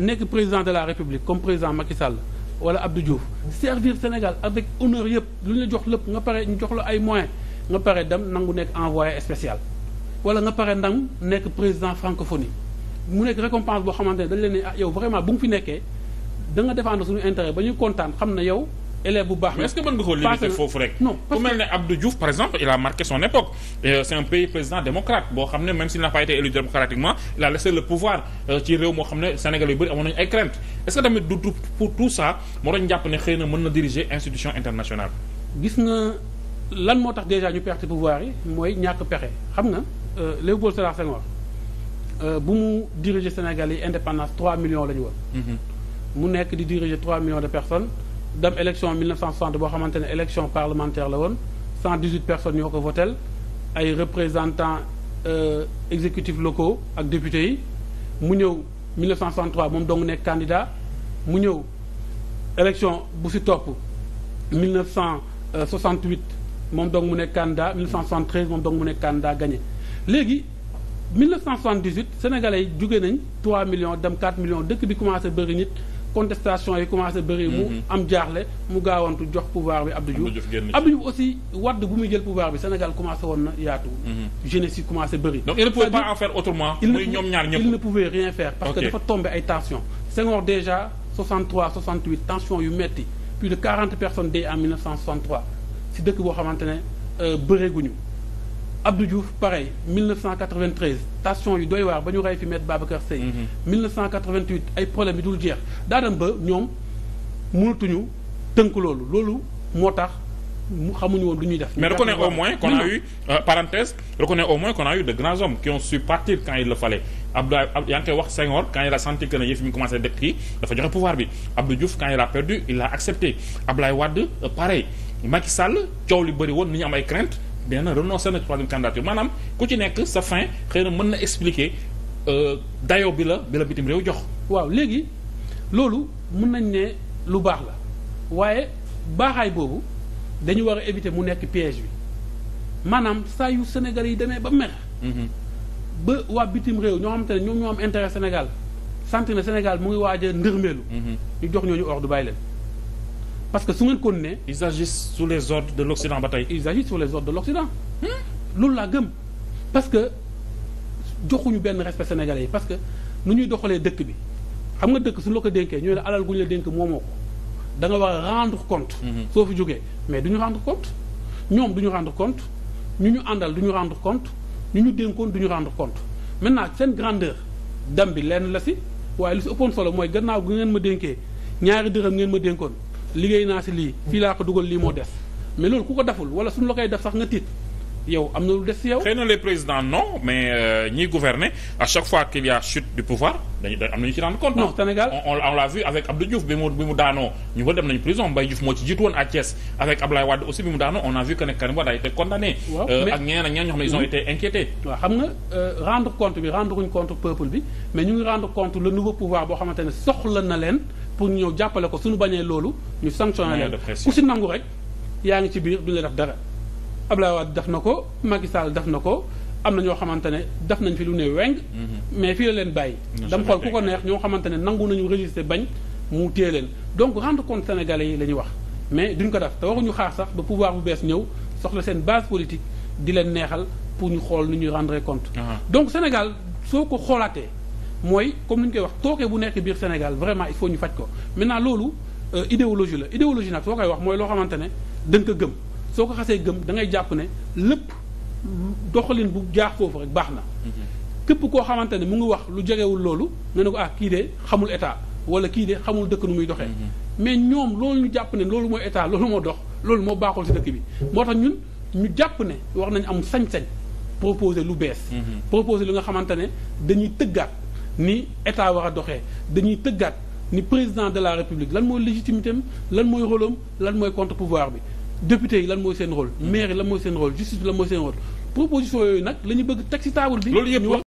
nekk président de la république comme président Macky Sall wala Abdou Diouf servir Sénégal avec honneur yëpp lu ñu jox lépp nga pare ñu jox la ay moyen nga pare dem nangu nekk envoyé spécial. wala nga pare ndam nekk président francophonie mu nekk récompense boo xamante ne dañ leen ne ah yow vraiment bu mu fi nekkee da nga défendre suñu intérêt ba ñu kontaan xam na yow. élève bu baax. mais est-ce que mën nga ko limiter foofu rek. non parce que ku mel euh, xam ne même s'il n'a pas été euh, xam ne Sénégal yu bëri amoon nañu ay tamit du pour tout ça moo doon jàpp ne xëy na mën na diriger institution internationale. gis nga lan moo tax déjà ñu perte pouvoir yi mooy ñàkk pexe xam nga euh, Léopold Sédar Senghor bu mu diriger Sénégal yi indépendance 3 millions la ñu woon. Mhm. mu nekk di diriger 3 millions de personnes. dem élection 1960 boo xamante ne élection parlementaire la woon 118 personnes ñoo ko votel ay représentant euh, exécutifs locaux ak députés yi mu ñëw 1963 moom dong nekk candidat mu ñëw élection bu si topp 1968 moom dong mu nekk candidat 1973 moom dong mu nekk candidat gagné léegi 1978 sénégalais yi jóge nañ 3 millions dem 4 millions dëkk bi commencé bëri nit contestation yi commencé bëri mu mhm. am jaaxle mu gaawantu jox pouvoir bi Abdou Diouf Abdou Diouf aussi wadd bu muy jël pouvoir bi Sénégal commencé woon na yaatu mhm. jeunesse yi commencé bëri il ne pouvait pas en faire autrement muy ñoom ñaar ñëpp il ne pouvait rien faire parce que dafa tombé ay tension Senghor déjà 63 68 tension yu metti plus de 40 personnes dee en 1963 si dëkk boo xamante ne euh, bëreeguñu Abdou Diouf pareil 1993 station yu doy waar ba ñu rey fi maître Babacar Seye. 1988 mhm. ay problème yi dul jeex daanam ba ñoom ñu tënk loolu loolu moo tax mu xamuñu woon lu ñuy def. mais reconnaît au moins qu'on a eu euh, parenthèse reconnaît au moins qu'on a eu de grands hommes qui ont su partir quand il le fallait Abdoulaye yaa ngi koy wax Senghor quand il a senti que ne yëf mi commencé def kii dafa joxe pouvoir bi Abdou Diouf quand il a perdu il a accepté Abdoulaye Wade euh, pareil Macky Sall coow li bëri woon ni ñu am ay crainte. nee na renoncé na troisième candidature maanaam ku ci nekk sa fin xëy na mën na expliquer euh, dayo bi la bi la bitim réew jox. waaw léegi loolu mën nañ ne lu baax la waaye baaxaay boobu dañu war a éviter mu nekk piège bi maanaam saa yu Sénégal yi demee ba mer. Mhm. ba waa bitim réew ñoo xamante ne ñoom ñoo am intérêt Sénégal sant na Sénégal mu ngi waaj a ndërmeelu. Mhm. ñu jox ñooñu ordre bàyyi leen. parce que su ngeen kon ne ils agissent les ordres de l'Occident ba tey. ils agissent sous les ordres de l'Occident hmm? loolu laa gëm parce que joxuñu benn respect sénégalais yi parce que nu ñuy doxalee dëkk bi xam nga dëkk suñu la ko dénkee ñu ne alal gu ñu la dénk moomoo ko da nga war a rendre compte. Hmm. soo fi jógee mais du ñu rendre compte ñoom du ñu rendre compte ñu ñu àndal du ñu rendre compte ñu ñu dénkoon du ñu rendre compte maintenant seen grandeur dem bi lenn la si waaye li si ëppoon solo mooy gannaaw gi ngeen ma dénkee ñaari dërëm ngeen ma dénkoon. liggéey naa si lii fii laa ko dugal lii moo des mais loolu ku ko deful wala suñu la koy def sax nga tiit yow am na lu def yow. xëy na les présidents non mais euh, ñiy gouverner à chaque fois qu'il a chute du pouvoir dañu am nañu ci rendre compte. non Sénégal on l'a vu avec Abdou Diouf bi mu daanoo ñu ba dem nañu prison Mbaye Diouf moo ci jiitu woon à Thiès avec Abdoulaye Wade aussi bi mu daanoo on a vu que ne Karim Wade a été condamné. Euh, ak ñeneen ak ñoo xam ne ils ont été inquiétés. waaw xam nga euh, rendre compte bi rendre wuñ compte peuple bi mais ñu ngi rendre compte le leen pour ñëw jàppale ko suñu bañee loolu ñu sanctionné leen ku si nangu rek yaa ngi ci biir duñu def dara Abdoulaye Wade def na ko Macky Sall def na ko am na ñoo xamante ne def nañ fi lu ne weng mhm. mais fii la leen bàyyi dam xool ku ko neex ñoo xamante ne nangu nañu résister bañ mu téye leen donc rendre compte sénégale yi la ñuy wax mais duñ ko def te waruñu xaar sax ba pouvoir bu bees ñëw soxla seen base politique di leen neexal pour ñu xool nu ñuy rendre compte ah. donc Sénégal soo ko xoolaatee mooy comme ni ñu koy wax tookee bu nekk biir Sénégal vraiment il faut ñu faj ko maintenant loolu euh, idéologie la idéologie nag soo koy wax mooy loo xamante ne dënk gëm soo ko xasee gëm da ngay jàpp ne lépp doxalin bu jaax foofu rek baax na képp koo xamante ne mu ngi wax lu jegewul loolu nga ne ko ah kii de xamul état wala kii de xamul dëkk nu muy doxe mm-hmm. mais ñoom loolu ñu jàpp ne loolu mooy état loolu moo dox loolu moo baaxul si dëkk bi moo tax ñun ñu jàpp ne wax nañ am sañ-sañ proposer lu bees mm-hmm. proposer lu nga xamante ne dañuy tëggaat ni état war a doxee dañuy tëggaat ni président de la république lan mooy légitimité am lan mooy rôle am mooy contre pouvoir bi député yi lan mooy seen rôle mm-hmm. maire yi lan mooy seen rôle justice bi lan mooy seen rôle proposition yooyu nag la ñu bëgg teg ci table bi.